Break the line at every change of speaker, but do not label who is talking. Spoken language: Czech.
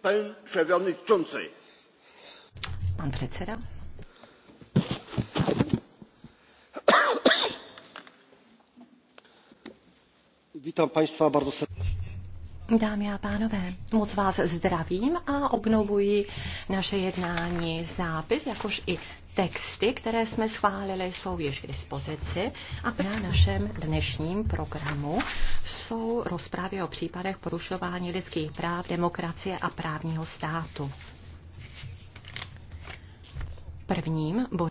Pane předsedající.
Pan předseda.
Vítám państwa bardzo serdecznie.
Dámy a pánové, moc vás zdravím a obnovuji naše jednání zápis, jakož i texty, které jsme schválili, jsou již k dispozici a na našem dnešním programu jsou rozprávy o případech porušování lidských práv, demokracie a právního státu.
Prvním bodem